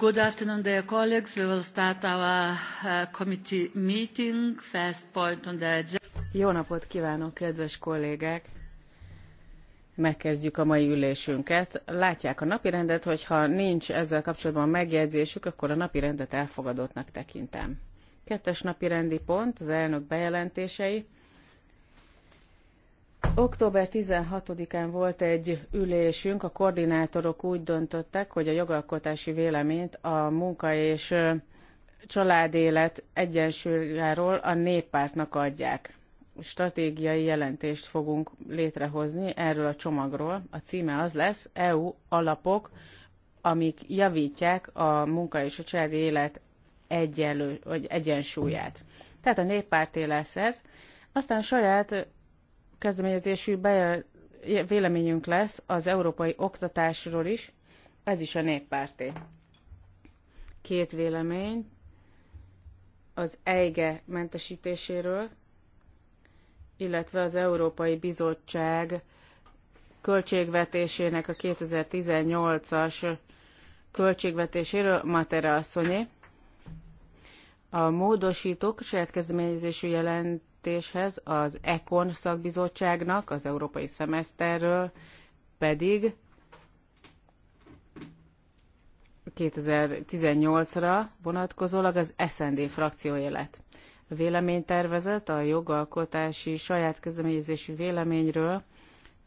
Good afternoon, dear colleagues. We will start our uh, committee meeting. First point on the agenda. Jó napot kívánok, kedves kollégák! Megkezdjük a mai ülésünket. Látják a napirendet, hogyha nincs ezzel kapcsolatban megjegyzésük, akkor a napirendet elfogadottnak tekintem. Kettes napirendi pont, az elnök bejelentései. Október 16-án volt egy ülésünk, a koordinátorok úgy döntöttek, hogy a jogalkotási véleményt a munka és családélet egyensúlyáról a néppártnak adják. Stratégiai jelentést fogunk létrehozni erről a csomagról. A címe az lesz EU alapok, amik javítják a munka és a családi élet egyenlő, vagy egyensúlyát. Tehát a néppárté lesz ez. Aztán saját kezdeményezésű véleményünk lesz az európai oktatásról is, ez is a néppárté. Két vélemény az EIGE mentesítéséről, illetve az Európai Bizottság költségvetésének a 2018-as költségvetéséről Matera asszonyé. A módosítók saját kezdeményezésű jelent jelentéshez, az ECON szakbizottságnak, az európai szemeszterről pedig 2018-ra vonatkozólag az SND frakció élet. A véleménytervezet a jogalkotási saját kezdeményezésű véleményről,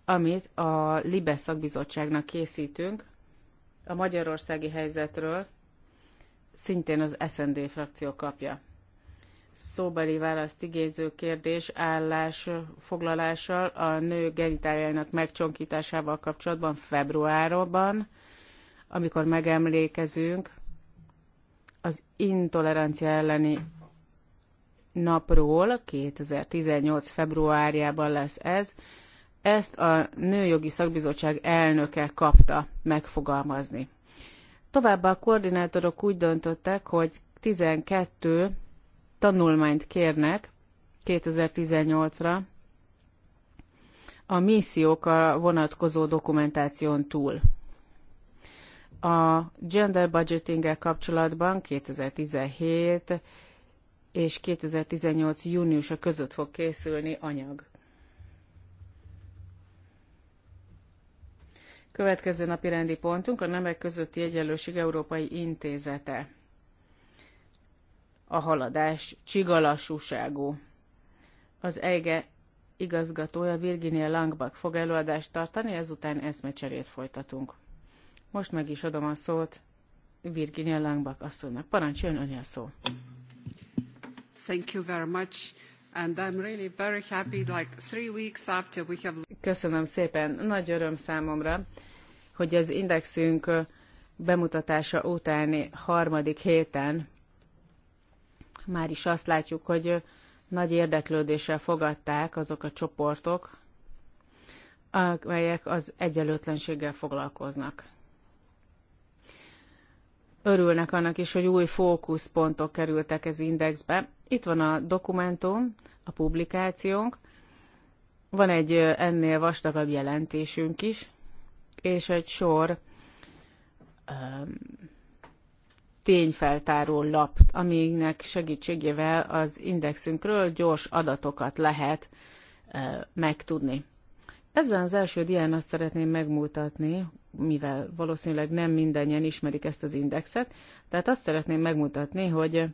amit a Libe szakbizottságnak készítünk, a magyarországi helyzetről szintén az SND frakció kapja szóbeli választ igéző kérdés állás foglalással a nő genitáljainak megcsonkításával kapcsolatban februárban, amikor megemlékezünk az intolerancia elleni napról, 2018. februárjában lesz ez, ezt a Nőjogi Szakbizottság elnöke kapta megfogalmazni. Továbbá a koordinátorok úgy döntöttek, hogy 12 tanulmányt kérnek 2018-ra a missziókkal vonatkozó dokumentáción túl. A gender budgeting kapcsolatban 2017 és 2018 júniusa között fog készülni anyag. Következő napi rendi pontunk a Nemek közötti Egyenlőség Európai Intézete a haladás csigalassúságú. Az EIGE igazgatója Virginia Langbach fog előadást tartani, ezután eszmecserét folytatunk. Most meg is adom a szót Virginia Langbach asszonynak. Parancsoljon ön a szó. Thank you very much. And I'm really very happy, like three weeks after we have... Köszönöm szépen. Nagy öröm számomra, hogy az indexünk bemutatása utáni harmadik héten már is azt látjuk, hogy nagy érdeklődéssel fogadták azok a csoportok, amelyek az egyenlőtlenséggel foglalkoznak. Örülnek annak is, hogy új fókuszpontok kerültek ez indexbe. Itt van a dokumentum, a publikációnk, van egy ennél vastagabb jelentésünk is, és egy sor um, tényfeltáró lap, aminek segítségével az indexünkről gyors adatokat lehet megtudni. Ezen az első dián azt szeretném megmutatni, mivel valószínűleg nem mindannyian ismerik ezt az indexet, tehát azt szeretném megmutatni, hogy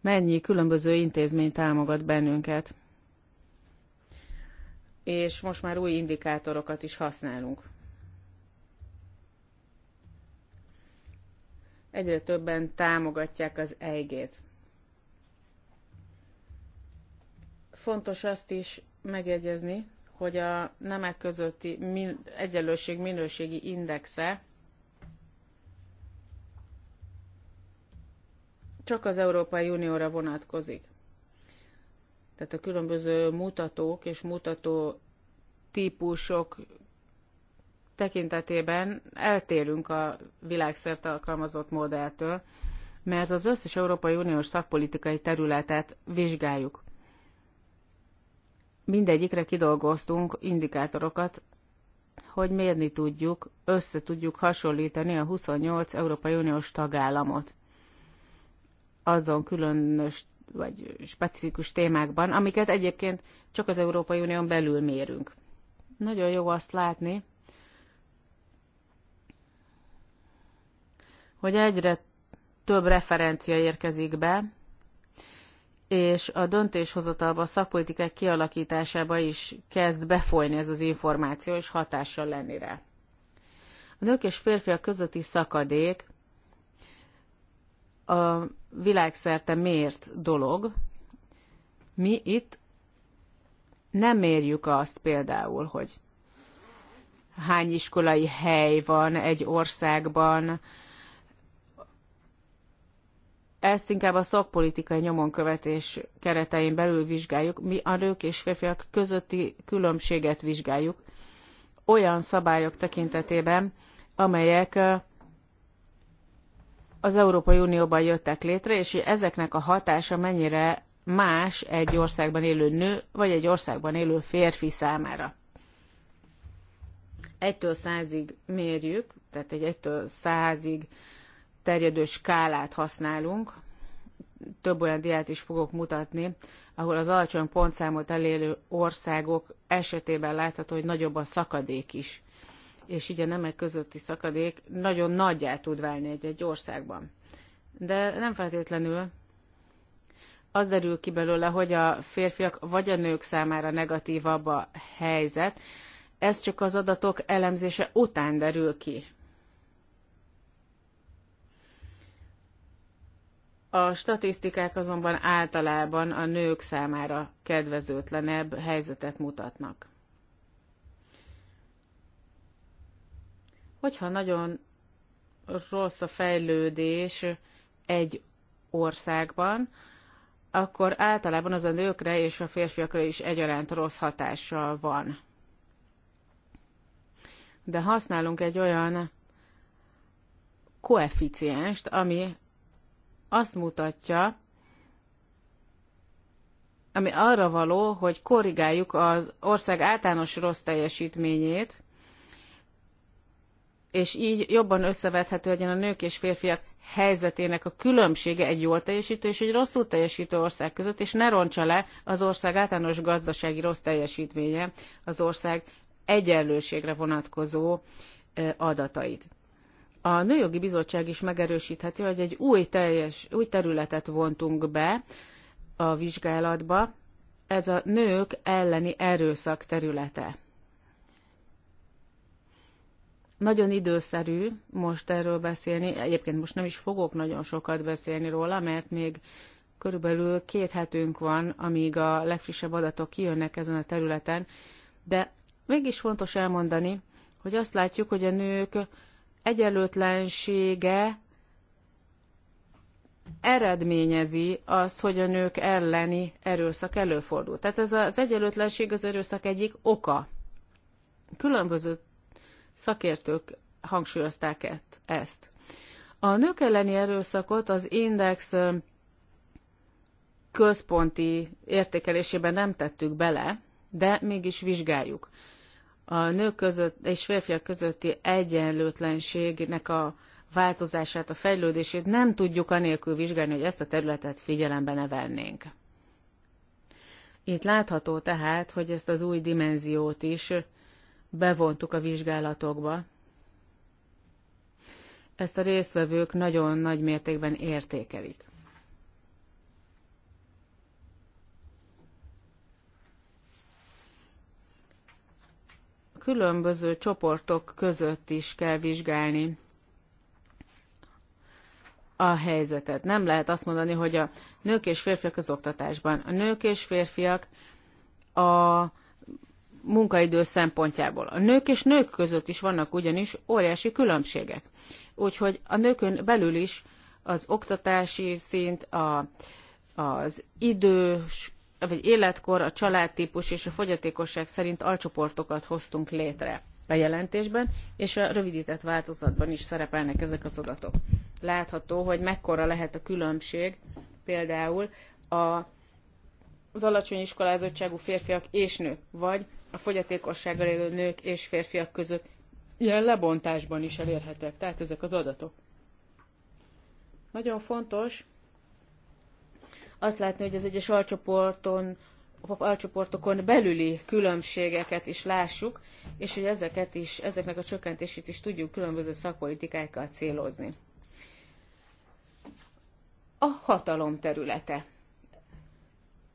mennyi különböző intézmény támogat bennünket, és most már új indikátorokat is használunk. Egyre többen támogatják az EIG-t. Fontos azt is megjegyezni, hogy a nemek közötti min- egyenlőség minőségi indexe csak az Európai Unióra vonatkozik. Tehát a különböző mutatók és mutató típusok tekintetében eltérünk a világszerte alkalmazott modelltől, mert az összes Európai Uniós szakpolitikai területet vizsgáljuk. Mindegyikre kidolgoztunk indikátorokat, hogy mérni tudjuk, össze tudjuk hasonlítani a 28 Európai Uniós tagállamot azon különös vagy specifikus témákban, amiket egyébként csak az Európai Unión belül mérünk. Nagyon jó azt látni, hogy egyre több referencia érkezik be, és a döntéshozatalba, a szakpolitikák kialakításába is kezd befolyni ez az információ, és hatással lenni rá. A nők és férfiak közötti szakadék a világszerte mért dolog. Mi itt nem mérjük azt például, hogy hány iskolai hely van egy országban, ezt inkább a szakpolitikai nyomonkövetés keretein belül vizsgáljuk. Mi a nők és férfiak közötti különbséget vizsgáljuk olyan szabályok tekintetében, amelyek az Európai Unióban jöttek létre, és ezeknek a hatása mennyire más egy országban élő nő, vagy egy országban élő férfi számára. Egytől százig mérjük, tehát egy egytől százig terjedő skálát használunk. Több olyan diát is fogok mutatni, ahol az alacsony pontszámot elérő országok esetében látható, hogy nagyobb a szakadék is. És így a nemek közötti szakadék nagyon nagyjá tud válni egy-egy országban. De nem feltétlenül az derül ki belőle, hogy a férfiak vagy a nők számára negatívabb a helyzet, ez csak az adatok elemzése után derül ki. A statisztikák azonban általában a nők számára kedvezőtlenebb helyzetet mutatnak. Hogyha nagyon rossz a fejlődés egy országban, akkor általában az a nőkre és a férfiakra is egyaránt rossz hatással van. De használunk egy olyan koeficienst, ami azt mutatja, ami arra való, hogy korrigáljuk az ország általános rossz teljesítményét, és így jobban összevethető legyen a nők és férfiak helyzetének a különbsége egy jól teljesítő és egy rosszul teljesítő ország között, és ne roncsa le az ország általános gazdasági rossz teljesítménye az ország egyenlőségre vonatkozó adatait. A Nőjogi Bizottság is megerősítheti, hogy egy új, teljes, új területet vontunk be a vizsgálatba, ez a nők elleni erőszak területe. Nagyon időszerű most erről beszélni, egyébként most nem is fogok nagyon sokat beszélni róla, mert még körülbelül két hetünk van, amíg a legfrissebb adatok kijönnek ezen a területen, de mégis fontos elmondani, hogy azt látjuk, hogy a nők egyenlőtlensége eredményezi azt, hogy a nők elleni erőszak előfordul. Tehát ez az egyenlőtlenség az erőszak egyik oka. Különböző szakértők hangsúlyozták ezt. A nők elleni erőszakot az Index központi értékelésében nem tettük bele, de mégis vizsgáljuk a nők között és férfiak közötti egyenlőtlenségnek a változását, a fejlődését nem tudjuk anélkül vizsgálni, hogy ezt a területet figyelembe ne vennénk. Itt látható tehát, hogy ezt az új dimenziót is bevontuk a vizsgálatokba. Ezt a résztvevők nagyon nagy mértékben értékelik. különböző csoportok között is kell vizsgálni a helyzetet. Nem lehet azt mondani, hogy a nők és férfiak az oktatásban. A nők és férfiak a munkaidő szempontjából. A nők és nők között is vannak ugyanis óriási különbségek. Úgyhogy a nőkön belül is az oktatási szint, a, az idős vagy életkor, a családtípus és a fogyatékosság szerint alcsoportokat hoztunk létre a jelentésben, és a rövidített változatban is szerepelnek ezek az adatok. Látható, hogy mekkora lehet a különbség például a, az alacsony iskolázottságú férfiak és nők, vagy a fogyatékossággal élő nők és férfiak között ilyen lebontásban is elérhetek, tehát ezek az adatok. Nagyon fontos, azt látni, hogy az egyes alcsoporton, alcsoportokon belüli különbségeket is lássuk, és hogy ezeket is, ezeknek a csökkentését is tudjuk különböző szakpolitikákkal célozni. A hatalom területe.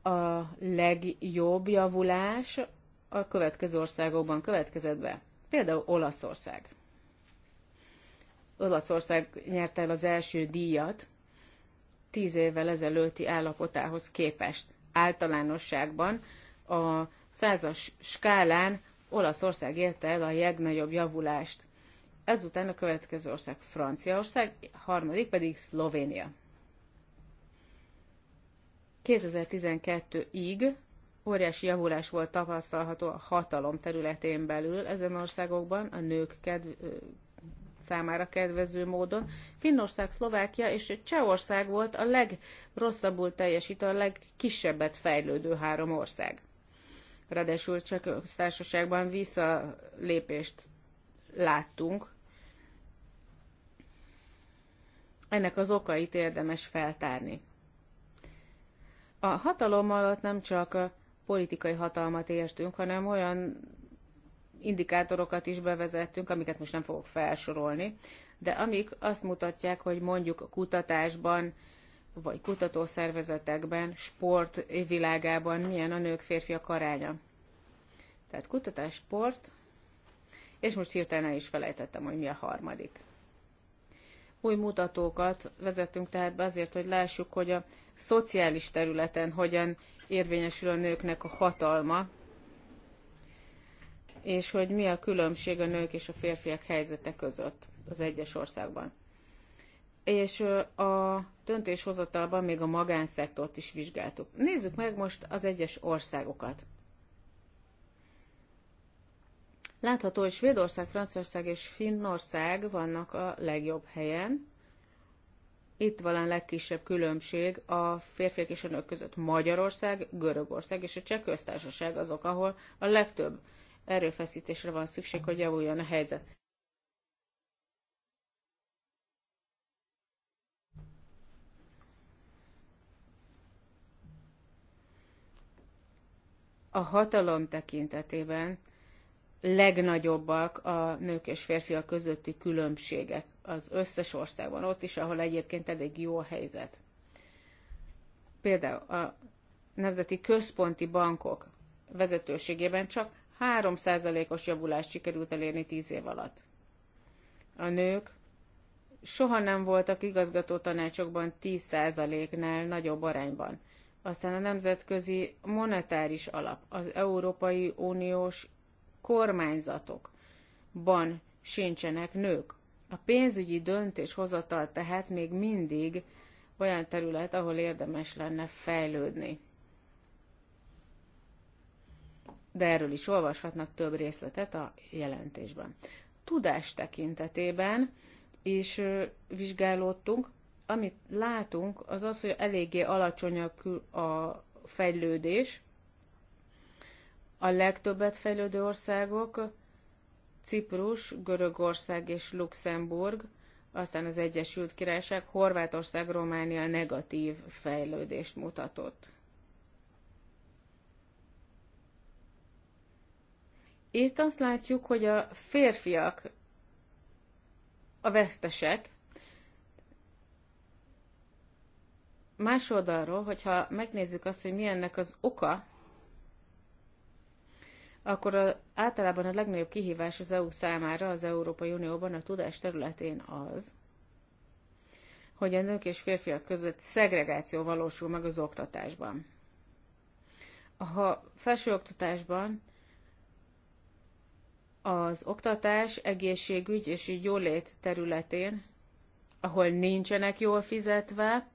A legjobb javulás a következő országokban következett be. Például Olaszország. Olaszország nyerte el az első díjat, tíz évvel ezelőtti állapotához képest. Általánosságban a százas skálán Olaszország érte el a legnagyobb javulást. Ezután a következő ország Franciaország, harmadik pedig Szlovénia. 2012-ig óriási javulás volt tapasztalható a hatalom területén belül ezen országokban, a nők kedv- számára kedvező módon. Finnország, Szlovákia és Csehország volt a legrosszabbul teljesítő, a legkisebbet fejlődő három ország. Ráadásul csak a társaságban visszalépést láttunk. Ennek az okait érdemes feltárni. A hatalom alatt nem csak politikai hatalmat értünk, hanem olyan indikátorokat is bevezettünk, amiket most nem fogok felsorolni, de amik azt mutatják, hogy mondjuk a kutatásban, vagy kutatószervezetekben, sport világában milyen a nők-férfiak aránya. Tehát kutatás, sport, és most hirtelen el is felejtettem, hogy mi a harmadik. Új mutatókat vezetünk tehát be azért, hogy lássuk, hogy a szociális területen hogyan érvényesül a nőknek a hatalma, és hogy mi a különbség a nők és a férfiak helyzete között az egyes országban. És a döntéshozatalban még a magánszektort is vizsgáltuk. Nézzük meg most az egyes országokat. Látható, hogy Svédország, Franciaország és Finnország vannak a legjobb helyen. Itt van a legkisebb különbség a férfiak és a nők között. Magyarország, Görögország és a Cseh köztársaság azok, ahol a legtöbb erőfeszítésre van szükség, hogy javuljon a helyzet. A hatalom tekintetében legnagyobbak a nők és férfiak közötti különbségek az összes országban, ott is, ahol egyébként elég jó a helyzet. Például a nemzeti központi bankok vezetőségében csak 3%-os javulást sikerült elérni 10 év alatt. A nők soha nem voltak igazgató tanácsokban 10%-nál nagyobb arányban. Aztán a Nemzetközi Monetáris Alap, az Európai Uniós kormányzatokban sincsenek nők. A pénzügyi döntéshozatal tehát még mindig olyan terület, ahol érdemes lenne fejlődni de erről is olvashatnak több részletet a jelentésben. Tudás tekintetében is vizsgálódtunk, amit látunk, az az, hogy eléggé alacsony a fejlődés. A legtöbbet fejlődő országok Ciprus, Görögország és Luxemburg, aztán az Egyesült Királyság, Horvátország, Románia negatív fejlődést mutatott. Itt azt látjuk, hogy a férfiak a vesztesek. Más oldalról, hogyha megnézzük azt, hogy mi ennek az oka, akkor a, általában a legnagyobb kihívás az EU számára az Európai Unióban a tudás területén az, hogy a nők és férfiak között szegregáció valósul meg az oktatásban. Ha felsőoktatásban az oktatás, egészségügy és így jólét területén, ahol nincsenek jól fizetve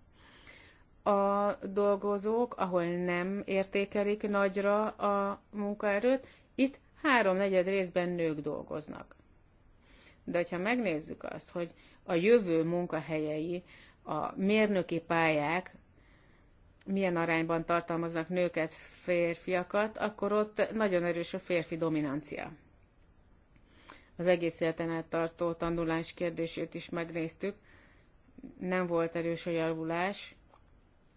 a dolgozók, ahol nem értékelik nagyra a munkaerőt, itt háromnegyed részben nők dolgoznak. De ha megnézzük azt, hogy a jövő munkahelyei, a mérnöki pályák milyen arányban tartalmaznak nőket, férfiakat, akkor ott nagyon erős a férfi dominancia az egész életen át tartó tanulás kérdését is megnéztük. Nem volt erős a javulás,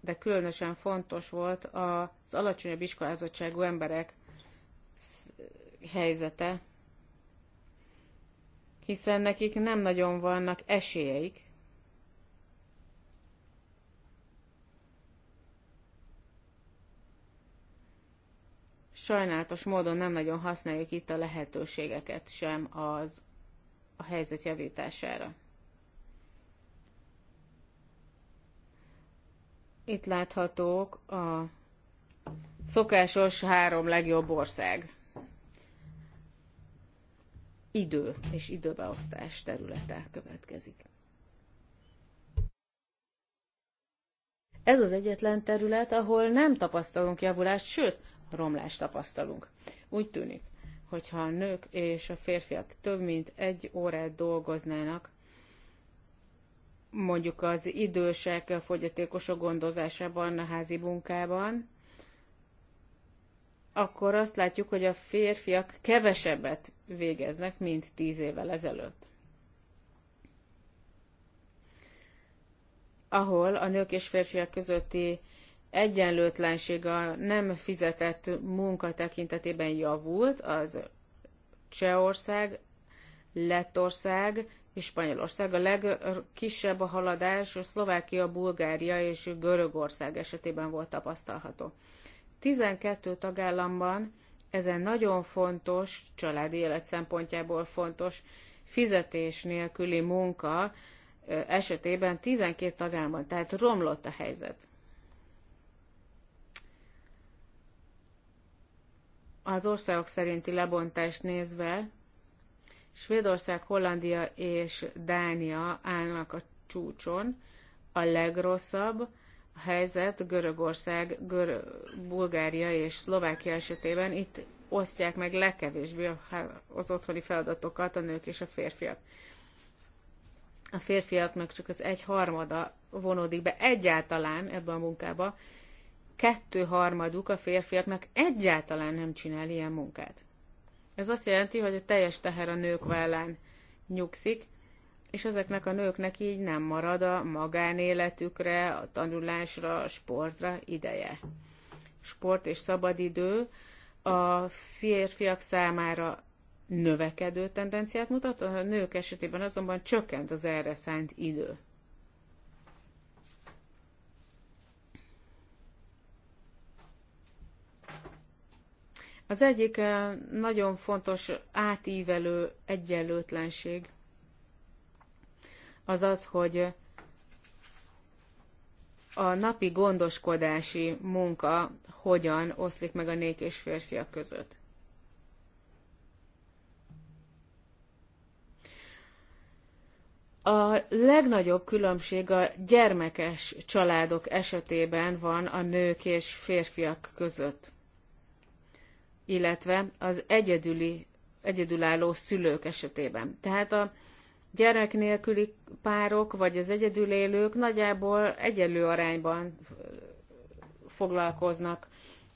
de különösen fontos volt az alacsonyabb iskolázottságú emberek helyzete, hiszen nekik nem nagyon vannak esélyeik, sajnálatos módon nem nagyon használjuk itt a lehetőségeket sem az a helyzet javítására. Itt láthatók a szokásos három legjobb ország. Idő és időbeosztás területe következik. Ez az egyetlen terület, ahol nem tapasztalunk javulást, sőt, romlást tapasztalunk. Úgy tűnik, hogyha a nők és a férfiak több mint egy órát dolgoznának, mondjuk az idősek, fogyatékosok gondozásában, a házi munkában, akkor azt látjuk, hogy a férfiak kevesebbet végeznek, mint tíz évvel ezelőtt. Ahol a nők és férfiak közötti egyenlőtlenség a nem fizetett munka tekintetében javult, az Csehország, Lettország és Spanyolország. A legkisebb a haladás a Szlovákia, Bulgária és Görögország esetében volt tapasztalható. 12 tagállamban ezen nagyon fontos, családi élet szempontjából fontos fizetés nélküli munka esetében 12 tagállamban, tehát romlott a helyzet. az országok szerinti lebontást nézve, Svédország, Hollandia és Dánia állnak a csúcson. A legrosszabb a helyzet Görögország, Gör- Bulgária és Szlovákia esetében. Itt osztják meg legkevésbé az otthoni feladatokat a nők és a férfiak. A férfiaknak csak az egy harmada vonódik be egyáltalán ebbe a munkába, kettőharmaduk a férfiaknak egyáltalán nem csinál ilyen munkát. Ez azt jelenti, hogy a teljes teher a nők vállán nyugszik, és ezeknek a nőknek így nem marad a magánéletükre, a tanulásra, a sportra ideje. Sport és szabadidő a férfiak számára növekedő tendenciát mutat, a nők esetében azonban csökkent az erre szánt idő. Az egyik eh, nagyon fontos átívelő egyenlőtlenség az az, hogy a napi gondoskodási munka hogyan oszlik meg a nék és férfiak között. A legnagyobb különbség a gyermekes családok esetében van a nők és férfiak között illetve az egyedüli, egyedülálló szülők esetében. Tehát a gyerek nélküli párok, vagy az egyedül élők nagyjából egyenlő arányban foglalkoznak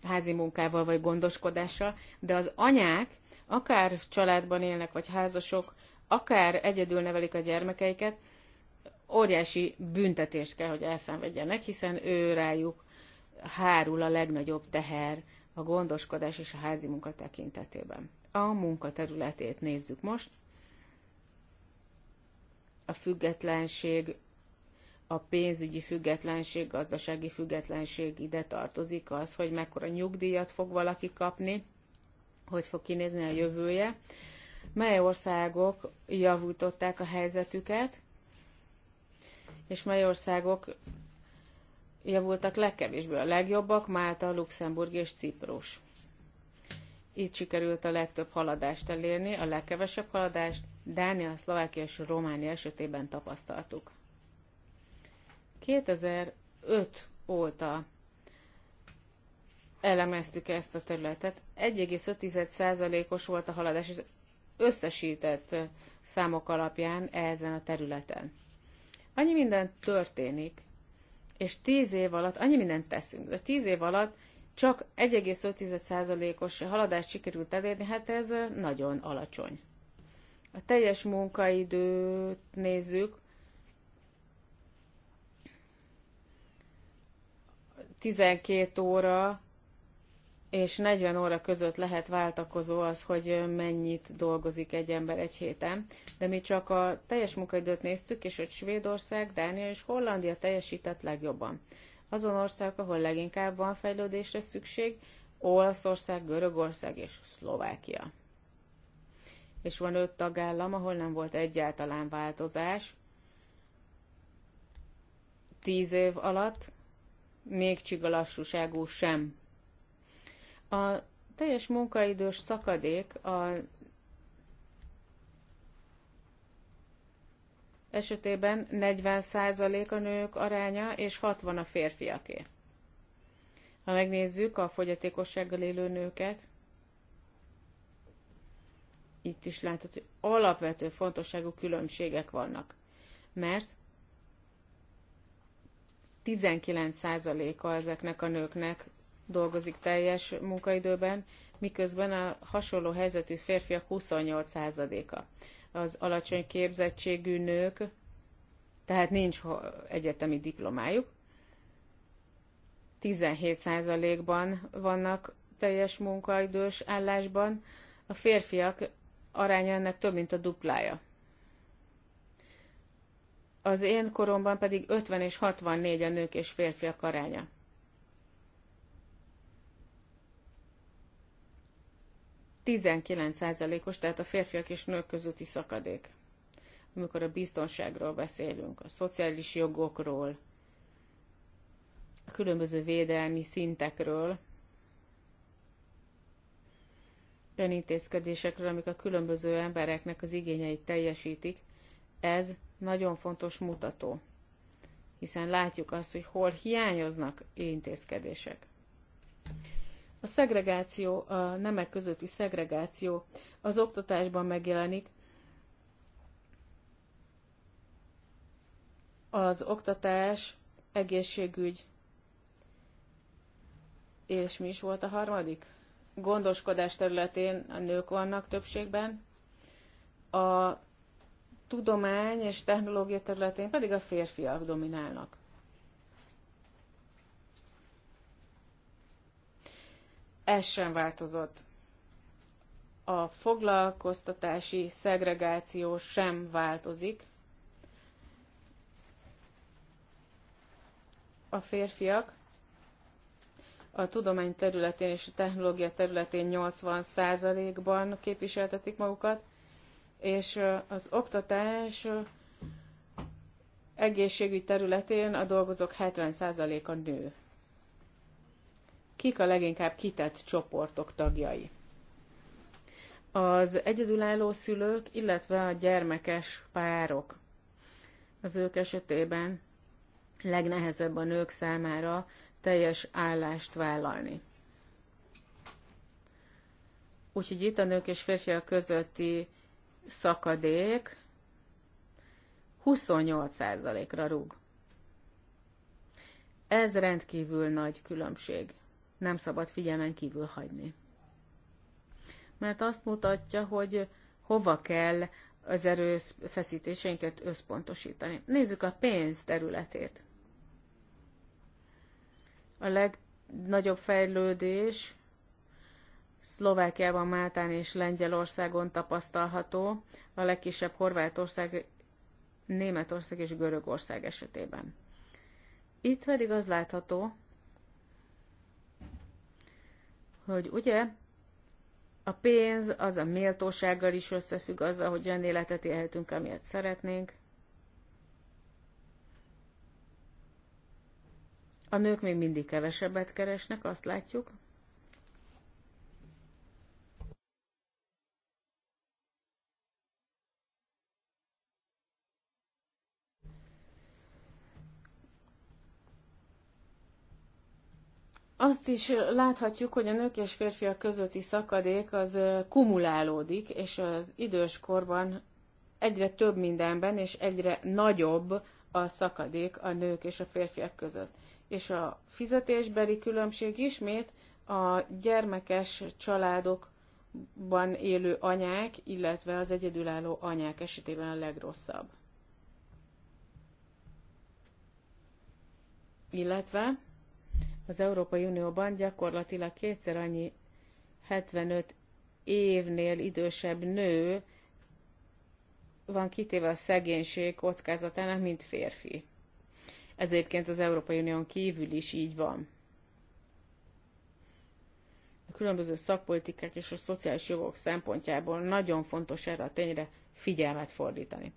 házi munkával vagy gondoskodással, de az anyák, akár családban élnek, vagy házasok, akár egyedül nevelik a gyermekeiket, óriási büntetést kell, hogy elszenvedjenek, hiszen ő rájuk hárul a legnagyobb teher a gondoskodás és a házi munka tekintetében. A munka területét nézzük most. A függetlenség, a pénzügyi függetlenség, gazdasági függetlenség ide tartozik az, hogy mekkora nyugdíjat fog valaki kapni, hogy fog kinézni a jövője, mely országok javították a helyzetüket, és mely országok javultak legkevésbé. A legjobbak Málta, Luxemburg és Ciprus. Itt sikerült a legtöbb haladást elérni, a legkevesebb haladást Dánia, Szlovákia és Románia esetében tapasztaltuk. 2005 óta elemeztük ezt a területet. 1,5%-os volt a haladás az összesített számok alapján ezen a területen. Annyi minden történik, és 10 év alatt, annyi mindent teszünk, de 10 év alatt csak 1,5%-os haladást sikerült elérni, hát ez nagyon alacsony. A teljes munkaidőt nézzük, 12 óra és 40 óra között lehet váltakozó az, hogy mennyit dolgozik egy ember egy héten, de mi csak a teljes munkaidőt néztük, és hogy Svédország, Dánia és Hollandia teljesített legjobban. Azon ország, ahol leginkább van fejlődésre szükség, Olaszország, Görögország és Szlovákia. És van öt tagállam, ahol nem volt egyáltalán változás. Tíz év alatt még csigalassúságú sem a teljes munkaidős szakadék a esetében 40% a nők aránya, és 60 a férfiaké. Ha megnézzük a fogyatékossággal élő nőket, itt is látható, hogy alapvető fontosságú különbségek vannak. Mert 19%-a ezeknek a nőknek dolgozik teljes munkaidőben, miközben a hasonló helyzetű férfiak 28%-a. Az alacsony képzettségű nők, tehát nincs egyetemi diplomájuk, 17%-ban vannak teljes munkaidős állásban, a férfiak aránya ennek több mint a duplája. Az én koromban pedig 50 és 64 a nők és férfiak aránya. 19%-os, tehát a férfiak és nők közötti szakadék. Amikor a biztonságról beszélünk, a szociális jogokról, a különböző védelmi szintekről, olyan intézkedésekről, amik a különböző embereknek az igényeit teljesítik, ez nagyon fontos mutató, hiszen látjuk azt, hogy hol hiányoznak intézkedések. A szegregáció, a nemek közötti szegregáció az oktatásban megjelenik, az oktatás, egészségügy, és mi is volt a harmadik? Gondoskodás területén a nők vannak többségben, a tudomány és technológia területén pedig a férfiak dominálnak. ez sem változott. A foglalkoztatási szegregáció sem változik. A férfiak a tudomány területén és a technológia területén 80%-ban képviseltetik magukat, és az oktatás egészségügy területén a dolgozók 70%-a nő kik a leginkább kitett csoportok tagjai. Az egyedülálló szülők, illetve a gyermekes párok. Az ők esetében legnehezebb a nők számára teljes állást vállalni. Úgyhogy itt a nők és férfiak közötti szakadék 28%-ra rúg. Ez rendkívül nagy különbség nem szabad figyelmen kívül hagyni. Mert azt mutatja, hogy hova kell az erőfeszítéseinket összpontosítani. Nézzük a pénz területét. A legnagyobb fejlődés Szlovákiában, Máltán és Lengyelországon tapasztalható, a legkisebb Horvátország, Németország és Görögország esetében. Itt pedig az látható, hogy ugye a pénz az a méltósággal is összefügg azzal, hogy olyan életet élhetünk, amilyet szeretnénk. A nők még mindig kevesebbet keresnek, azt látjuk. azt is láthatjuk, hogy a nők és férfiak közötti szakadék az kumulálódik, és az időskorban egyre több mindenben, és egyre nagyobb a szakadék a nők és a férfiak között. És a fizetésbeli különbség ismét a gyermekes családokban élő anyák, illetve az egyedülálló anyák esetében a legrosszabb. Illetve az Európai Unióban gyakorlatilag kétszer annyi 75 évnél idősebb nő van kitéve a szegénység kockázatának, mint férfi. Ez egyébként az Európai Unión kívül is így van. A különböző szakpolitikák és a szociális jogok szempontjából nagyon fontos erre a tényre figyelmet fordítani.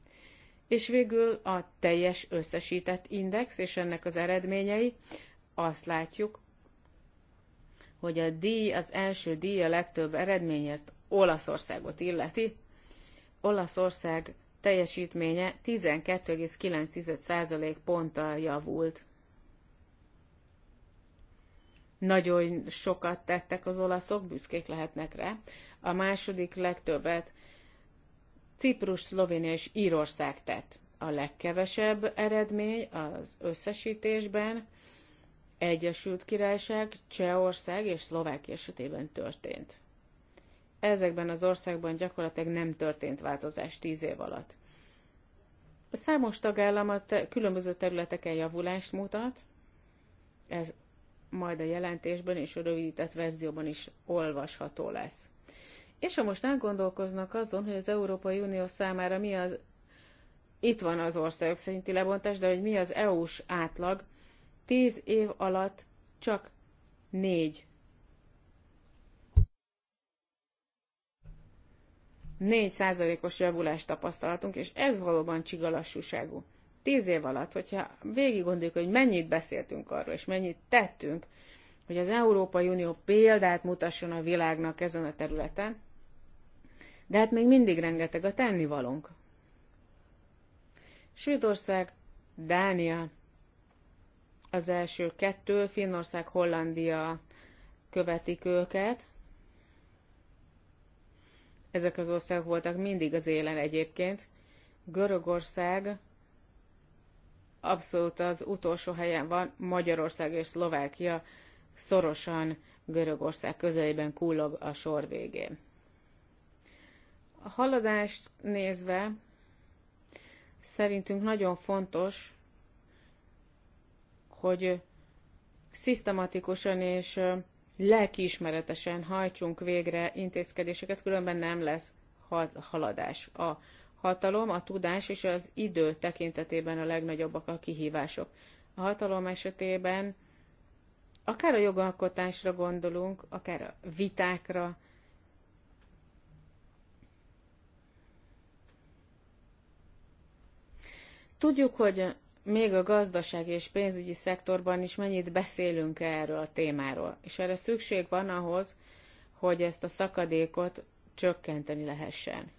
És végül a teljes összesített index és ennek az eredményei azt látjuk, hogy a díj, az első díj a legtöbb eredményért Olaszországot illeti. Olaszország teljesítménye 12,9% ponttal javult. Nagyon sokat tettek az olaszok, büszkék lehetnek rá. A második legtöbbet Ciprus, Szlovénia és Írország tett. A legkevesebb eredmény az összesítésben Egyesült Királyság, Csehország és Szlovákia esetében történt. Ezekben az országban gyakorlatilag nem történt változás tíz év alatt. A számos tagállam a te- különböző területeken javulást mutat, ez majd a jelentésben és a rövidített verzióban is olvasható lesz. És ha most elgondolkoznak azon, hogy az Európai Unió számára mi az, itt van az országok szerinti lebontás, de hogy mi az EU-s átlag, tíz év alatt csak négy négy százalékos javulást tapasztaltunk, és ez valóban csigalassúságú. Tíz év alatt, hogyha végig gondoljuk, hogy mennyit beszéltünk arról, és mennyit tettünk, hogy az Európai Unió példát mutasson a világnak ezen a területen, de hát még mindig rengeteg a tennivalónk. Svédország, Dánia, az első kettő, Finnország, Hollandia követik őket. Ezek az országok voltak mindig az élen egyébként. Görögország abszolút az utolsó helyen van, Magyarország és Szlovákia szorosan Görögország közelében kullog a sor végén. A haladást nézve szerintünk nagyon fontos hogy szisztematikusan és lelkiismeretesen hajtsunk végre intézkedéseket, különben nem lesz haladás. A hatalom, a tudás és az idő tekintetében a legnagyobbak a kihívások. A hatalom esetében akár a jogalkotásra gondolunk, akár a vitákra, Tudjuk, hogy még a gazdaság és pénzügyi szektorban is mennyit beszélünk erről a témáról. És erre szükség van ahhoz, hogy ezt a szakadékot csökkenteni lehessen.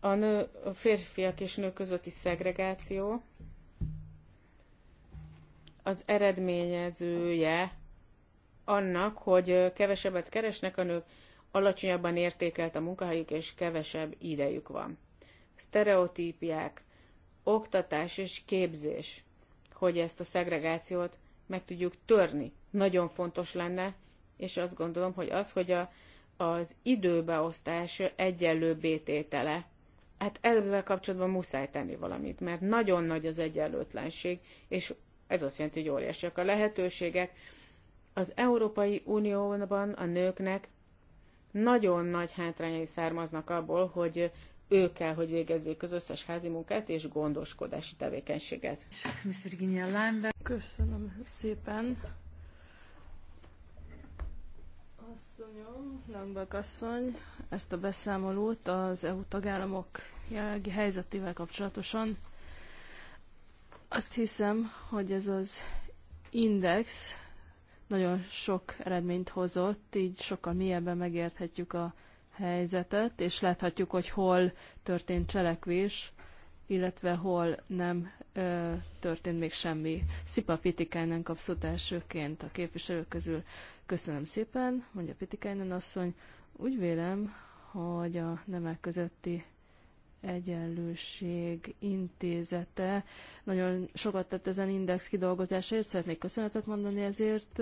A, nő, a férfiak és nők közötti szegregáció az eredményezője annak, hogy kevesebbet keresnek a nők, alacsonyabban értékelt a munkahelyük, és kevesebb idejük van. Sztereotípiák, oktatás és képzés, hogy ezt a szegregációt meg tudjuk törni. Nagyon fontos lenne, és azt gondolom, hogy az, hogy a, az időbeosztás egyenlő bététele, hát ezzel kapcsolatban muszáj tenni valamit, mert nagyon nagy az egyenlőtlenség, és ez azt jelenti, hogy óriásiak a lehetőségek. Az Európai Unióban a nőknek nagyon nagy hátrányai származnak abból, hogy ők kell, hogy végezzék az összes házi munkát és gondoskodási tevékenységet. Köszönöm szépen. Asszonyom, Lambak asszony, ezt a beszámolót az EU tagállamok jelenlegi helyzetével kapcsolatosan. Azt hiszem, hogy ez az index, nagyon sok eredményt hozott, így sokkal mélyebben megérthetjük a helyzetet, és láthatjuk, hogy hol történt cselekvés, illetve hol nem ö, történt még semmi. Szipa Pitikánen kapszott elsőként a képviselők közül. Köszönöm szépen, mondja Pitikánen asszony. Úgy vélem, hogy a nemek közötti Egyenlőség Intézete nagyon sokat tett ezen index kidolgozásért szeretnék köszönetet mondani ezért,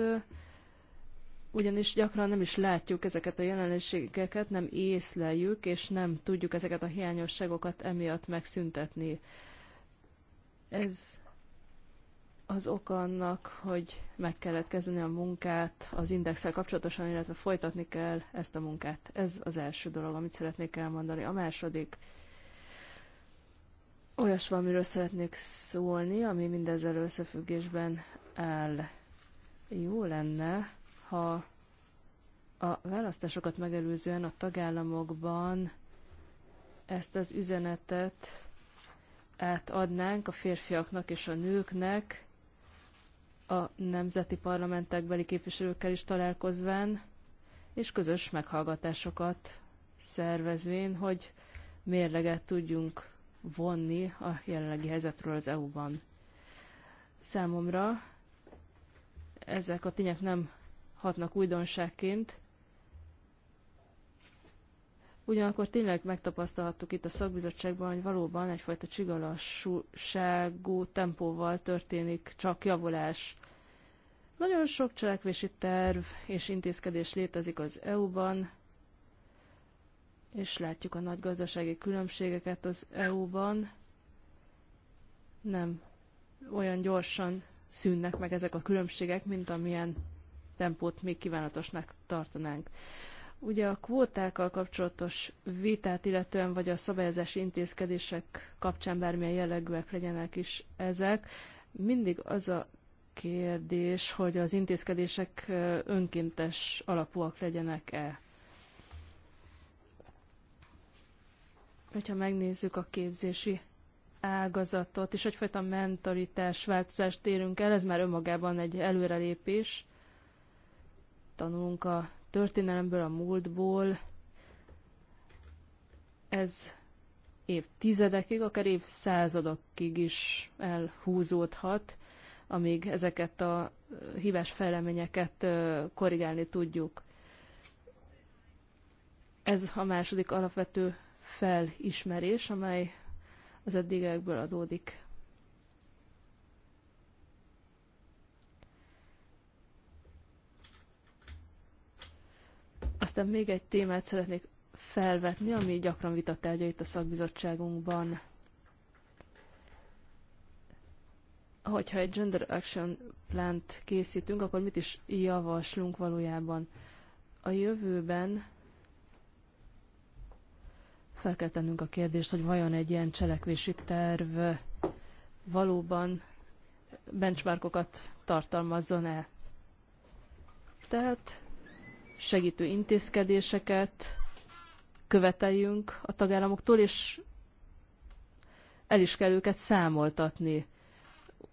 ugyanis gyakran nem is látjuk ezeket a jelenségeket, nem észleljük, és nem tudjuk ezeket a hiányosságokat emiatt megszüntetni. Ez az oka annak, hogy meg kellett kezdeni a munkát az indexel kapcsolatosan, illetve folytatni kell ezt a munkát. Ez az első dolog, amit szeretnék elmondani. A második, olyas valamiről szeretnék szólni, ami mindezzel összefüggésben áll. Jó lenne, ha a választásokat megelőzően a tagállamokban ezt az üzenetet átadnánk a férfiaknak és a nőknek, a nemzeti parlamentekbeli képviselőkkel is találkozván, és közös meghallgatásokat szervezvén, hogy mérleget tudjunk vonni a jelenlegi helyzetről az EU-ban. Számomra ezek a tények nem hatnak újdonságként, Ugyanakkor tényleg megtapasztalhattuk itt a szakbizottságban, hogy valóban egyfajta csigalasságú tempóval történik csak javulás. Nagyon sok cselekvési terv és intézkedés létezik az EU-ban, és látjuk a nagy gazdasági különbségeket az EU-ban. Nem olyan gyorsan szűnnek meg ezek a különbségek, mint amilyen tempót még kívánatosnak tartanánk. Ugye a kvótákkal kapcsolatos vitát, illetően vagy a szabályozási intézkedések kapcsán bármilyen jellegűek legyenek is ezek, mindig az a kérdés, hogy az intézkedések önkéntes alapúak legyenek-e. hogyha megnézzük a képzési ágazatot, és egyfajta mentalitás változást érünk el, ez már önmagában egy előrelépés. Tanulunk a történelemből, a múltból. Ez évtizedekig, akár évszázadokig is elhúzódhat, amíg ezeket a hibás fejleményeket korrigálni tudjuk. Ez a második alapvető felismerés, amely az eddigekből adódik. Aztán még egy témát szeretnék felvetni, ami gyakran vitatárgya itt a szakbizottságunkban. Hogyha egy Gender Action Plant készítünk, akkor mit is javaslunk valójában? A jövőben fel kell tennünk a kérdést, hogy vajon egy ilyen cselekvési terv valóban benchmarkokat tartalmazzon-e. Tehát segítő intézkedéseket követeljünk a tagállamoktól, és el is kell őket számoltatni.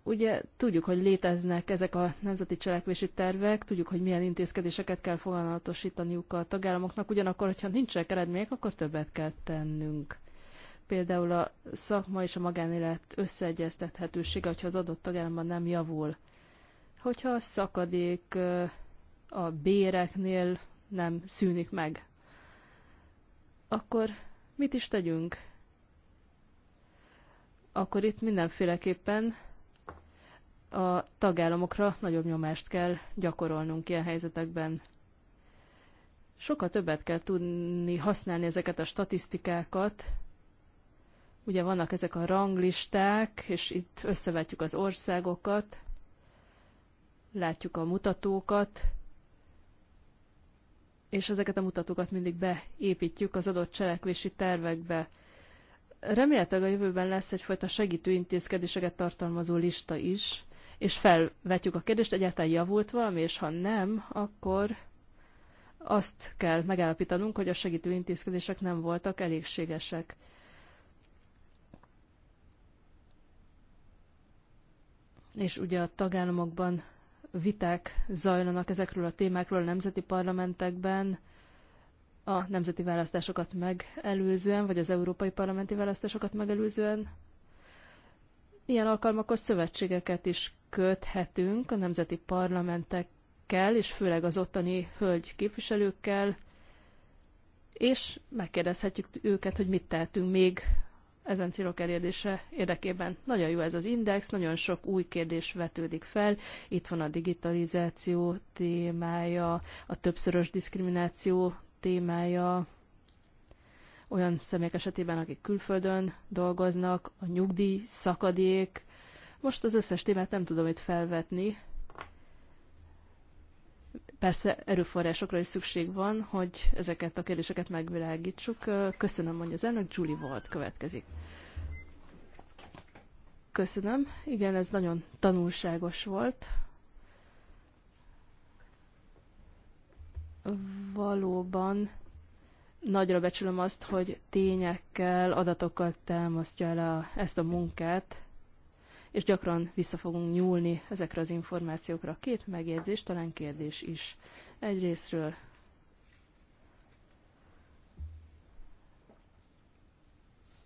Ugye tudjuk, hogy léteznek ezek a nemzeti cselekvési tervek, tudjuk, hogy milyen intézkedéseket kell foganatosítaniuk a tagállamoknak, ugyanakkor, hogyha nincsenek eredmények, akkor többet kell tennünk. Például a szakma és a magánélet összeegyeztethetősége, hogyha az adott tagállamban nem javul. Hogyha a szakadék a béreknél nem szűnik meg, akkor mit is tegyünk? Akkor itt mindenféleképpen a tagállamokra nagyobb nyomást kell gyakorolnunk ilyen helyzetekben. Sokkal többet kell tudni használni ezeket a statisztikákat. Ugye vannak ezek a ranglisták, és itt összevetjük az országokat, látjuk a mutatókat, és ezeket a mutatókat mindig beépítjük az adott cselekvési tervekbe. Remélhetőleg a jövőben lesz egyfajta segítő intézkedéseket tartalmazó lista is, és felvetjük a kérdést, egyáltalán javult valami, és ha nem, akkor azt kell megállapítanunk, hogy a segítő intézkedések nem voltak elégségesek. És ugye a tagállamokban viták zajlanak ezekről a témákról a nemzeti parlamentekben, a nemzeti választásokat megelőzően, vagy az európai parlamenti választásokat megelőzően. Ilyen alkalmakkor szövetségeket is köthetünk a nemzeti parlamentekkel, és főleg az ottani hölgy képviselőkkel, és megkérdezhetjük őket, hogy mit tehetünk még ezen célok elérése érdekében. Nagyon jó ez az index, nagyon sok új kérdés vetődik fel. Itt van a digitalizáció témája, a többszörös diszkrimináció témája, olyan személyek esetében, akik külföldön dolgoznak, a nyugdíj, szakadék, most az összes témát nem tudom itt felvetni. Persze erőforrásokra is szükség van, hogy ezeket a kérdéseket megvilágítsuk. Köszönöm, mondja az elnök. Julie volt következik. Köszönöm. Igen, ez nagyon tanulságos volt. Valóban nagyra becsülöm azt, hogy tényekkel, adatokkal támasztja el a, ezt a munkát, és gyakran vissza fogunk nyúlni ezekre az információkra. Két megjegyzés, talán kérdés is. Egyrésztről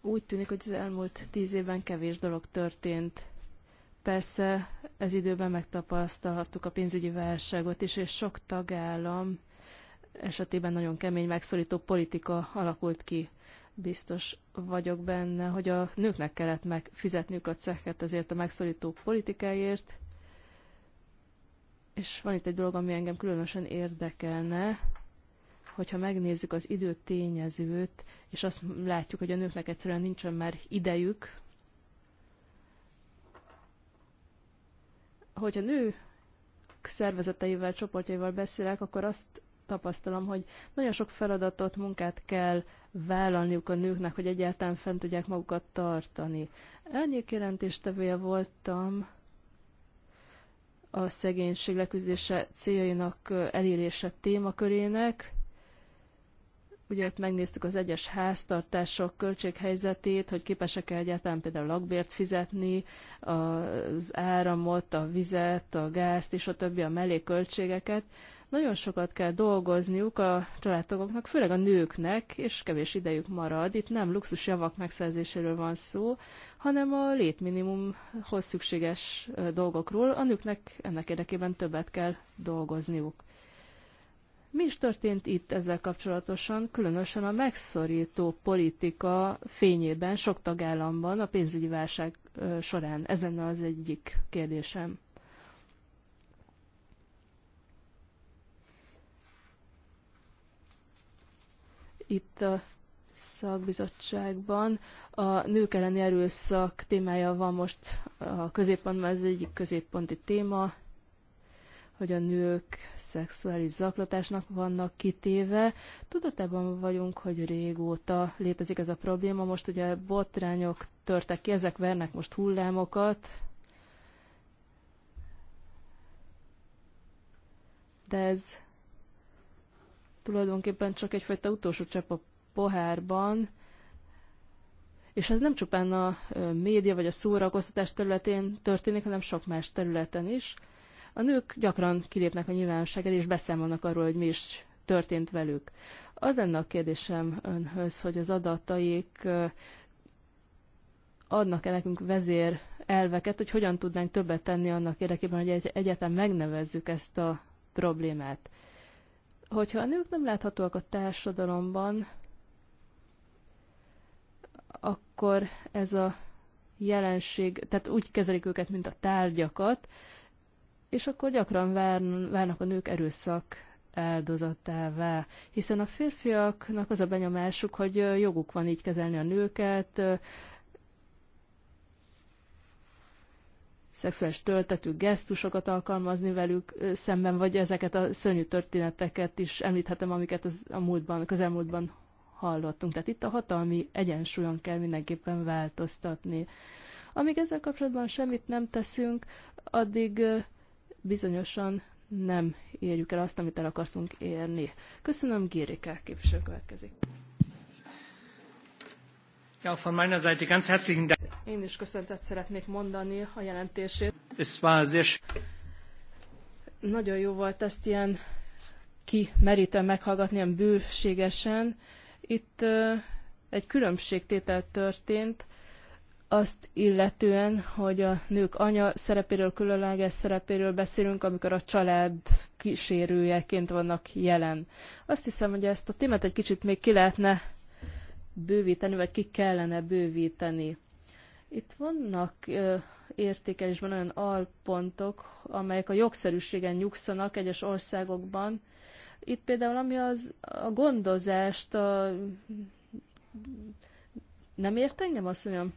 úgy tűnik, hogy az elmúlt tíz évben kevés dolog történt. Persze ez időben megtapasztalhattuk a pénzügyi válságot is, és sok tagállam esetében nagyon kemény megszorító politika alakult ki biztos vagyok benne, hogy a nőknek kellett megfizetniük a cehket ezért a megszorító politikáért, és van itt egy dolog, ami engem különösen érdekelne, hogyha megnézzük az idő tényezőt, és azt látjuk, hogy a nőknek egyszerűen nincsen már idejük, hogyha nő szervezeteivel, csoportjaival beszélek, akkor azt tapasztalom, hogy nagyon sok feladatot, munkát kell vállalniuk a nőknek, hogy egyáltalán fent tudják magukat tartani. Elnyék jelentéstevője voltam a szegénység leküzdése céljainak elérése témakörének. Ugye ott megnéztük az egyes háztartások költséghelyzetét, hogy képesek-e egyáltalán például lakbért fizetni, az áramot, a vizet, a gázt és a többi a melléköltségeket. költségeket nagyon sokat kell dolgozniuk a családtagoknak, főleg a nőknek, és kevés idejük marad. Itt nem luxus javak megszerzéséről van szó, hanem a létminimumhoz szükséges dolgokról. A nőknek ennek érdekében többet kell dolgozniuk. Mi is történt itt ezzel kapcsolatosan, különösen a megszorító politika fényében sok tagállamban a pénzügyi válság során? Ez lenne az egyik kérdésem. itt a szakbizottságban. A nők elleni erőszak témája van most a középpontban, ez egyik középponti téma, hogy a nők szexuális zaklatásnak vannak kitéve. Tudatában vagyunk, hogy régóta létezik ez a probléma. Most ugye botrányok törtek ki, ezek vernek most hullámokat, de ez tulajdonképpen csak egyfajta utolsó csepp a pohárban, és ez nem csupán a média vagy a szórakoztatás területén történik, hanem sok más területen is. A nők gyakran kilépnek a nyilvánosságra, és beszámolnak arról, hogy mi is történt velük. Az lenne a kérdésem önhöz, hogy az adataik adnak-e nekünk vezér elveket, hogy hogyan tudnánk többet tenni annak érdekében, hogy egyáltalán megnevezzük ezt a problémát. Hogyha a nők nem láthatóak a társadalomban, akkor ez a jelenség, tehát úgy kezelik őket, mint a tárgyakat, és akkor gyakran várnak a nők erőszak áldozatává, hiszen a férfiaknak az a benyomásuk, hogy joguk van így kezelni a nőket, szexuális töltetű gesztusokat alkalmazni velük szemben, vagy ezeket a szörnyű történeteket is említhetem, amiket az, a múltban, a közelmúltban hallottunk. Tehát itt a hatalmi egyensúlyon kell mindenképpen változtatni. Amíg ezzel kapcsolatban semmit nem teszünk, addig bizonyosan nem érjük el azt, amit el akartunk érni. Köszönöm, Gérikák képviselő következik. Ja, von meiner Seite ganz herzlichen Dank. Én is köszöntet szeretnék mondani a jelentését. Es war sehr Nagyon jó volt ezt ilyen kimerítően meghallgatni, ilyen bőségesen. Itt uh, egy különbségtétel történt, azt illetően, hogy a nők anya szerepéről, különleges szerepéről beszélünk, amikor a család kísérőjeként vannak jelen. Azt hiszem, hogy ezt a témát egy kicsit még ki lehetne bővíteni, vagy ki kellene bővíteni. Itt vannak értékelésben olyan alpontok, amelyek a jogszerűségen nyugszanak egyes országokban. Itt például ami az a gondozást, a... nem ért engem, mondjam?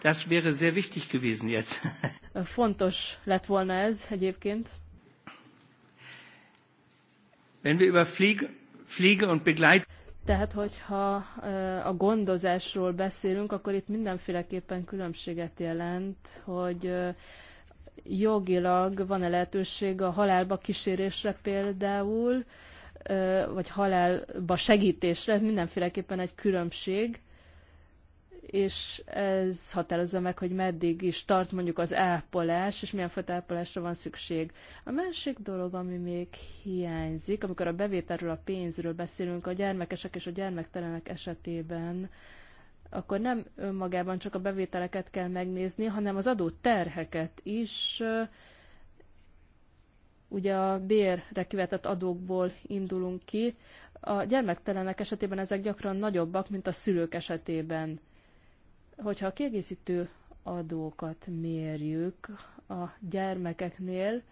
Das wäre sehr wichtig gewesen jetzt. Fontos lett volna ez egyébként. Wenn wir über Fliege, Fliege und Begleit tehát, hogyha a gondozásról beszélünk, akkor itt mindenféleképpen különbséget jelent, hogy jogilag van-e lehetőség a halálba kísérésre például, vagy halálba segítésre, ez mindenféleképpen egy különbség és ez határozza meg, hogy meddig is tart mondjuk az ápolás, és milyen fajta ápolásra van szükség. A másik dolog, ami még hiányzik, amikor a bevételről, a pénzről beszélünk, a gyermekesek és a gyermektelenek esetében, akkor nem önmagában csak a bevételeket kell megnézni, hanem az adó terheket is, ugye a bérre kivetett adókból indulunk ki. A gyermektelenek esetében ezek gyakran nagyobbak, mint a szülők esetében. Hogyha a kiegészítő adókat mérjük a gyermekeknél,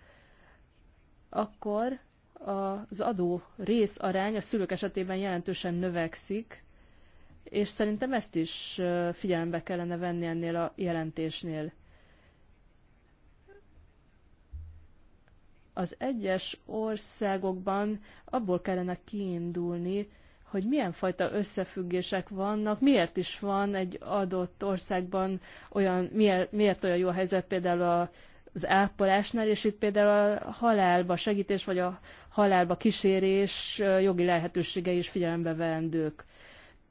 akkor az adó részarány a szülők esetében jelentősen növekszik, és szerintem ezt is figyelembe kellene venni ennél a jelentésnél. Az egyes országokban abból kellene kiindulni, hogy milyen fajta összefüggések vannak, miért is van egy adott országban olyan, miért, miért olyan jó a helyzet például a, az ápolásnál, és itt például a halálba segítés, vagy a halálba kísérés jogi lehetősége is figyelembe vendők.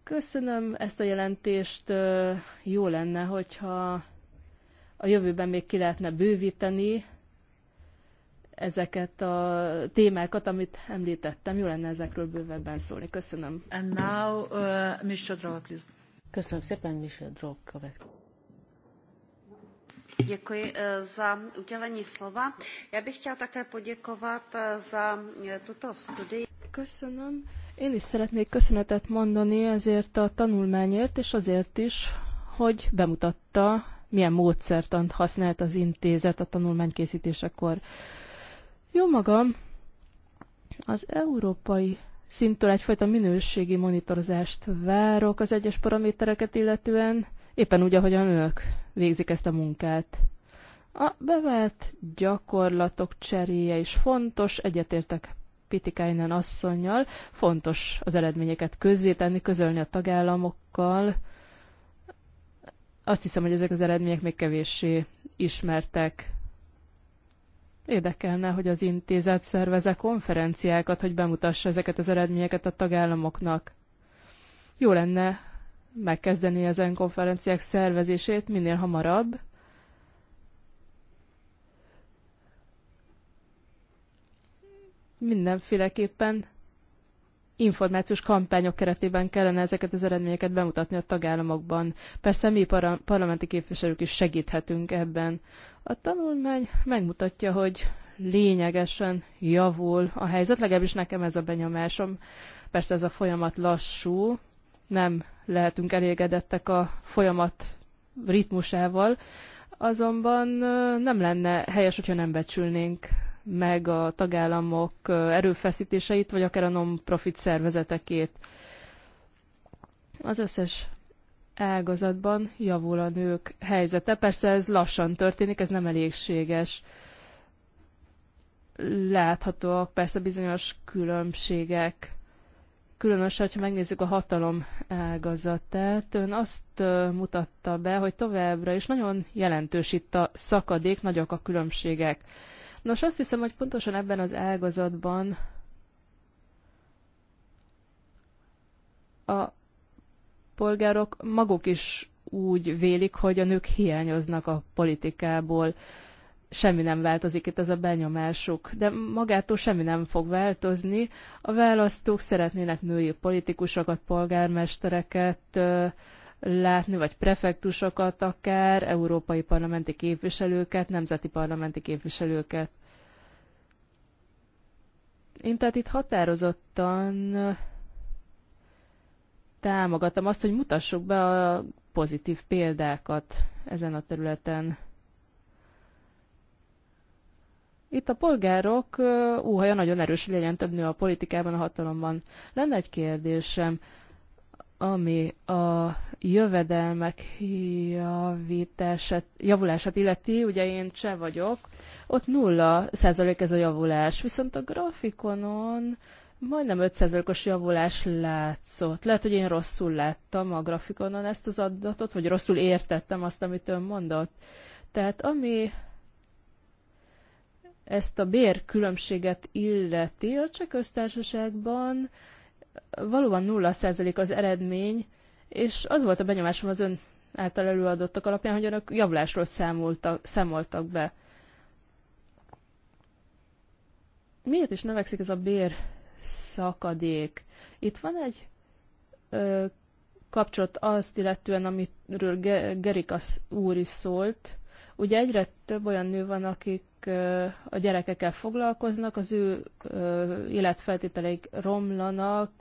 Köszönöm ezt a jelentést, jó lenne, hogyha a jövőben még ki lehetne bővíteni, ezeket a témákat, amit említettem. Jó lenne ezekről bővebben szólni. Köszönöm. And now, uh, Mr. Drog, please. Köszönöm szépen, Mr. Drog következik. Děkuji eh, za udělení slova. Já bych chtěla také poděkovat eh, za eh, tuto studii. Köszönöm. Én is szeretnék köszönetet mondani ezért a tanulmányért, és azért is, hogy bemutatta, milyen módszertant használt az intézet a tanulmánykészítésekor. készítésekor. Jó magam, az európai szintől egyfajta minőségi monitorozást várok az egyes paramétereket illetően, éppen úgy, ahogyan önök végzik ezt a munkát. A bevált gyakorlatok cseréje is fontos, egyetértek Pitikainen asszonynal, fontos az eredményeket közzétenni, közölni a tagállamokkal. Azt hiszem, hogy ezek az eredmények még kevéssé ismertek. Érdekelne, hogy az intézet szervezze konferenciákat, hogy bemutassa ezeket az eredményeket a tagállamoknak. Jó lenne megkezdeni ezen konferenciák szervezését minél hamarabb. Mindenféleképpen információs kampányok keretében kellene ezeket az eredményeket bemutatni a tagállamokban. Persze mi para- parlamenti képviselők is segíthetünk ebben. A tanulmány megmutatja, hogy lényegesen javul a helyzet, legalábbis nekem ez a benyomásom. Persze ez a folyamat lassú, nem lehetünk elégedettek a folyamat ritmusával, azonban nem lenne helyes, hogyha nem becsülnénk meg a tagállamok erőfeszítéseit, vagy akár a non-profit szervezetekét. Az összes ágazatban javul a nők helyzete. Persze ez lassan történik, ez nem elégséges. Láthatóak persze bizonyos különbségek. Különösen, ha megnézzük a hatalom ágazatát, ön azt mutatta be, hogy továbbra is nagyon jelentős itt a szakadék, nagyok a különbségek. Nos, azt hiszem, hogy pontosan ebben az ágazatban a polgárok maguk is úgy vélik, hogy a nők hiányoznak a politikából, semmi nem változik itt ez a benyomásuk, de magától semmi nem fog változni. A választók szeretnének női politikusokat, polgármestereket, látni, vagy prefektusokat akár, európai parlamenti képviselőket, nemzeti parlamenti képviselőket. Én tehát itt határozottan támogatom azt, hogy mutassuk be a pozitív példákat ezen a területen. Itt a polgárok óhaja nagyon erős, hogy legyen több nő a politikában, a hatalomban. Lenne egy kérdésem ami a jövedelmek javítását, javulását illeti, ugye én cseh vagyok, ott 0 ez a javulás, viszont a grafikonon majdnem 5 os javulás látszott. Lehet, hogy én rosszul láttam a grafikonon ezt az adatot, vagy rosszul értettem azt, amit ön mondott. Tehát ami ezt a bérkülönbséget illeti a cseh köztársaságban, valóban 0% az eredmény, és az volt a benyomásom az ön által előadottak alapján, hogy önök javulásról számoltak, számoltak be. Miért is növekszik ez a bér szakadék? Itt van egy ö, kapcsolat azt illetően, amiről Gerikas úr is szólt, Ugye egyre több olyan nő van, akik a gyerekekkel foglalkoznak, az ő életfeltételeik romlanak,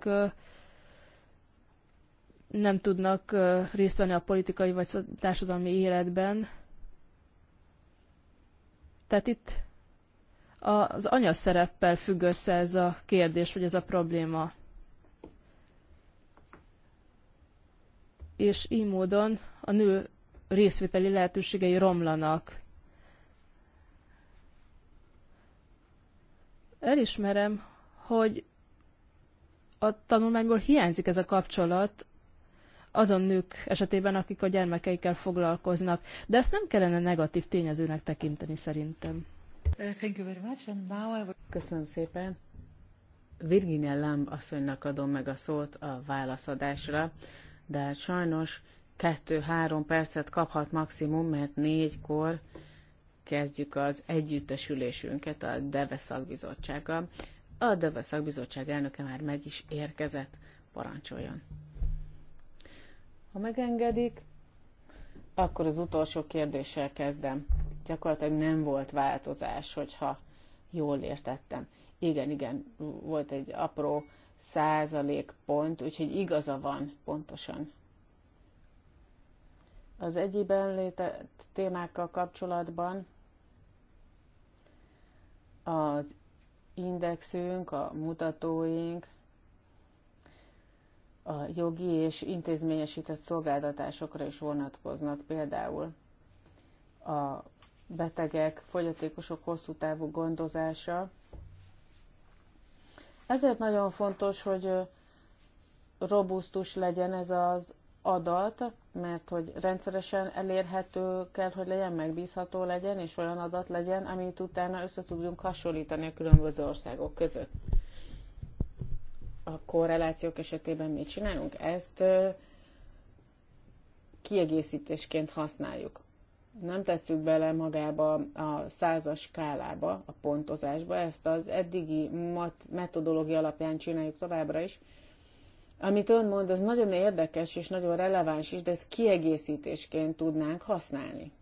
nem tudnak részt venni a politikai vagy társadalmi életben. Tehát itt az anya szereppel függ össze ez a kérdés, vagy ez a probléma. És így módon a nő részvételi lehetőségei romlanak. Elismerem, hogy a tanulmányból hiányzik ez a kapcsolat azon nők esetében, akik a gyermekeikkel foglalkoznak. De ezt nem kellene negatív tényezőnek tekinteni szerintem. Köszönöm szépen. Virginia Lamb asszonynak adom meg a szót a válaszadásra, de hát sajnos kettő-három percet kaphat maximum, mert négykor kezdjük az együttesülésünket a DEVE szakbizottsággal. A DEVE szakbizottság elnöke már meg is érkezett. Parancsoljon! Ha megengedik, akkor az utolsó kérdéssel kezdem. Gyakorlatilag nem volt változás, hogyha jól értettem. Igen, igen, volt egy apró százalékpont, úgyhogy igaza van pontosan az egyéb létett témákkal kapcsolatban az indexünk, a mutatóink, a jogi és intézményesített szolgáltatásokra is vonatkoznak, például a betegek, fogyatékosok hosszú távú gondozása. Ezért nagyon fontos, hogy robusztus legyen ez az adat, mert hogy rendszeresen elérhető kell, hogy legyen, megbízható legyen, és olyan adat legyen, amit utána össze tudjunk hasonlítani a különböző országok között. A korrelációk esetében mit csinálunk? Ezt kiegészítésként használjuk. Nem tesszük bele magába a százas skálába, a pontozásba, ezt az eddigi metodológia alapján csináljuk továbbra is, amit ön mond, az nagyon érdekes és nagyon releváns is, de ezt kiegészítésként tudnánk használni.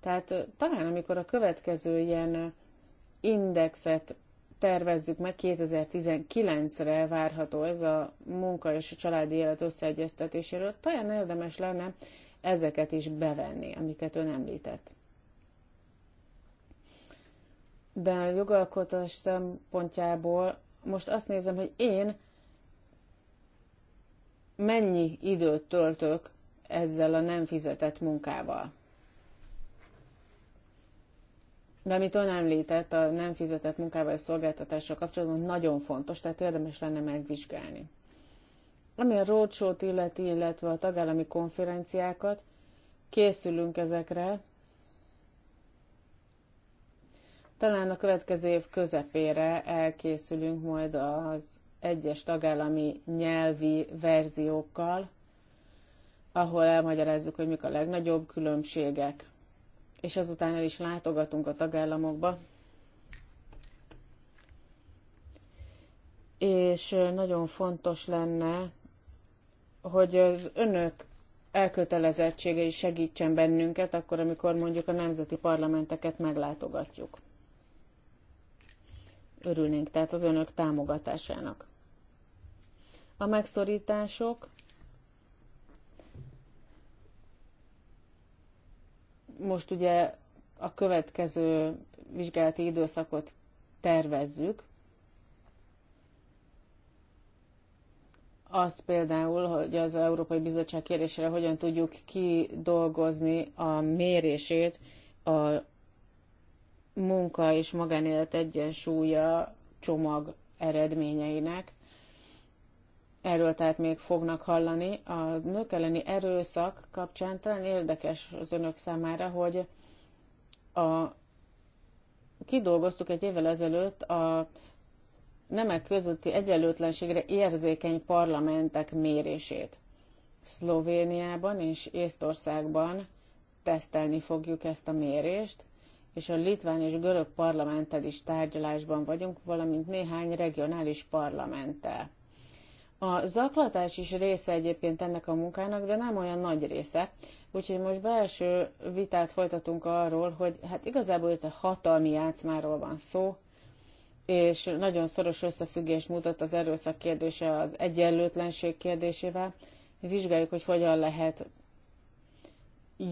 Tehát talán amikor a következő ilyen indexet tervezzük meg 2019-re várható ez a munka és a családi élet összeegyeztetéséről, talán érdemes lenne ezeket is bevenni, amiket ön említett. De a jogalkotás szempontjából most azt nézem, hogy én mennyi időt töltök ezzel a nem fizetett munkával. De amit ön említett, a nem fizetett munkával és szolgáltatással kapcsolatban nagyon fontos, tehát érdemes lenne megvizsgálni. Ami a roadshow-t illeti, illetve a tagállami konferenciákat, készülünk ezekre, talán a következő év közepére elkészülünk majd az egyes tagállami nyelvi verziókkal, ahol elmagyarázzuk, hogy mik a legnagyobb különbségek, és azután el is látogatunk a tagállamokba, és nagyon fontos lenne, hogy az önök elkötelezettségei segítsen bennünket, akkor, amikor mondjuk a nemzeti parlamenteket meglátogatjuk. Örülnénk tehát az önök támogatásának a megszorítások most ugye a következő vizsgálati időszakot tervezzük. Az például, hogy az Európai Bizottság kérésére hogyan tudjuk kidolgozni a mérését a munka és magánélet egyensúlya csomag eredményeinek, Erről tehát még fognak hallani. A nők elleni erőszak kapcsán talán érdekes az önök számára, hogy a, kidolgoztuk egy évvel ezelőtt a nemek közötti egyenlőtlenségre érzékeny parlamentek mérését. Szlovéniában és Észtországban tesztelni fogjuk ezt a mérést, és a litván és görög parlamenttel is tárgyalásban vagyunk, valamint néhány regionális parlamenttel. A zaklatás is része egyébként ennek a munkának, de nem olyan nagy része. Úgyhogy most belső vitát folytatunk arról, hogy hát igazából itt a hatalmi játszmáról van szó, és nagyon szoros összefüggés mutat az erőszak kérdése az egyenlőtlenség kérdésével. Vizsgáljuk, hogy hogyan lehet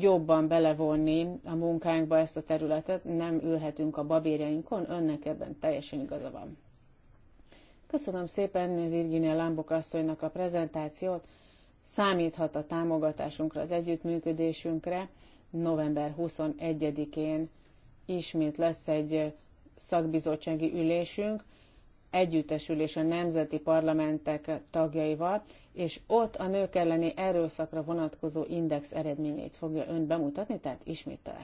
jobban belevonni a munkánkba ezt a területet, nem ülhetünk a babérjainkon, önnek ebben teljesen igaza van. Köszönöm szépen Virginia Lambok asszonynak a prezentációt. Számíthat a támogatásunkra, az együttműködésünkre. November 21-én ismét lesz egy szakbizottsági ülésünk, együttesülés a nemzeti parlamentek tagjaival, és ott a nők elleni erőszakra vonatkozó index eredményeit fogja ön bemutatni, tehát ismét talál.